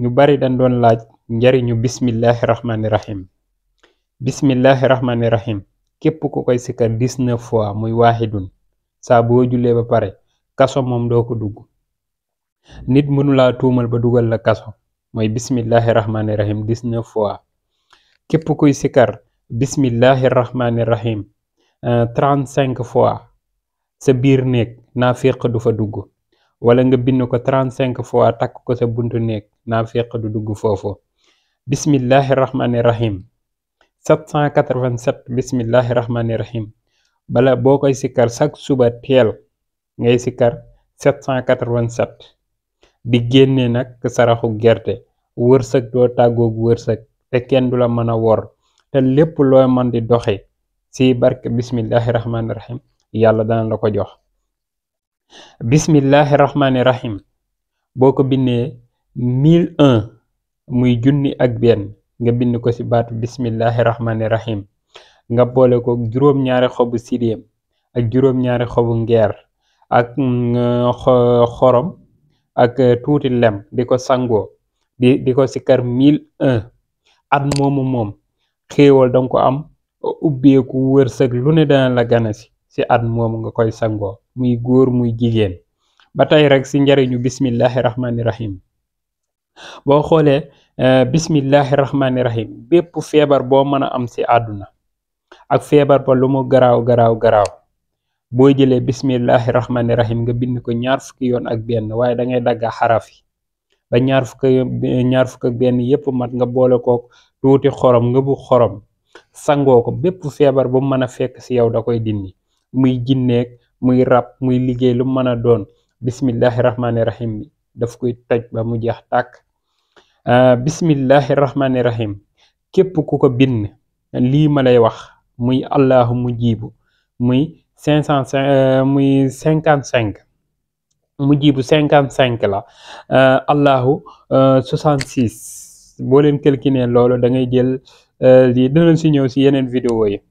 ñu bari dañ doon laaj njariñu bismillahi rahmani rahim bismillahi rahmani képp ku koy sikkar dix fois muy waaxidun saa boo jullee ba pare kaso moom doo ko dugg nit mënula tuumal ba dugal la kaso mooy bismillahi rahmani rahim dix-neuf fois képp kuy sikkar bismillahi rahmani rahim euh, trente-cinq fois sa biir néeg naafiq du fa dugg wala nga bind ko 35 fois takk ko sa buntu néeg naafeq du dugg foofu bismillahi rahmani rahim 787 bismillahi rahmani rahim bala boo koy sikkar chaque suba teel ngay sikkar 787 di génne nag saraxu gerte wërsëg doo tàggoog wërsëg te kenn du la mën a wor te lépp loo mën di doxe ci barke bismillahi rahmani yàlla dana la ko jox bismillahi rahmaani rahim boo ko bindee mille un muy junni ak benn nga bind ko ci baatu bismillahi rahmaani rahim nga boole ko juróom-ñaari xobu siréem ak juróom-ñaari xobu ngeer ak xorom ak tuuti lem di ko sangoo di di ko sikkar mille un at moomu moom xéewal danga ko am ubbeeku wërsëg lu ne dana la gana si si at moomu nga koy sangoo muy góor muy jigéen ba tey rek si njariñu bismillahi rahmaani rahim boo xoolee eh, bismillahi rahmaani bépp feebar boo mën a am si àdduna ak feebar ba lu mu garaaw garaaw garaaw boo jëlee bismillahi rahmaani rahim nga bind ko ñaar fukki yoon ak benn waaye dangay ngay dagga xaraf ba ñaar fukk ñaar fukk ak benn yépp mat nga boole kook tuuti xorom nga bu xorom sangoo ko bépp feebar bu mën a fekk si yow da koy dindi muy jinneeg muy rab muy liggéey lu mën a doon bismillahi rahmaani rahim bi daf koy toj ba mu jeex tàkk euh, bismillahi rahmaani rahim képp ku ko bind lii ma lay wax muy allahu mujibu muy cinq cent cinq euh, muy cinquante cinq mujibu cinquante cinq la euh, allahu soixante six boo leen calculé loolu da ngay jël lii dinañ si ñëw si yeneen vidéo yi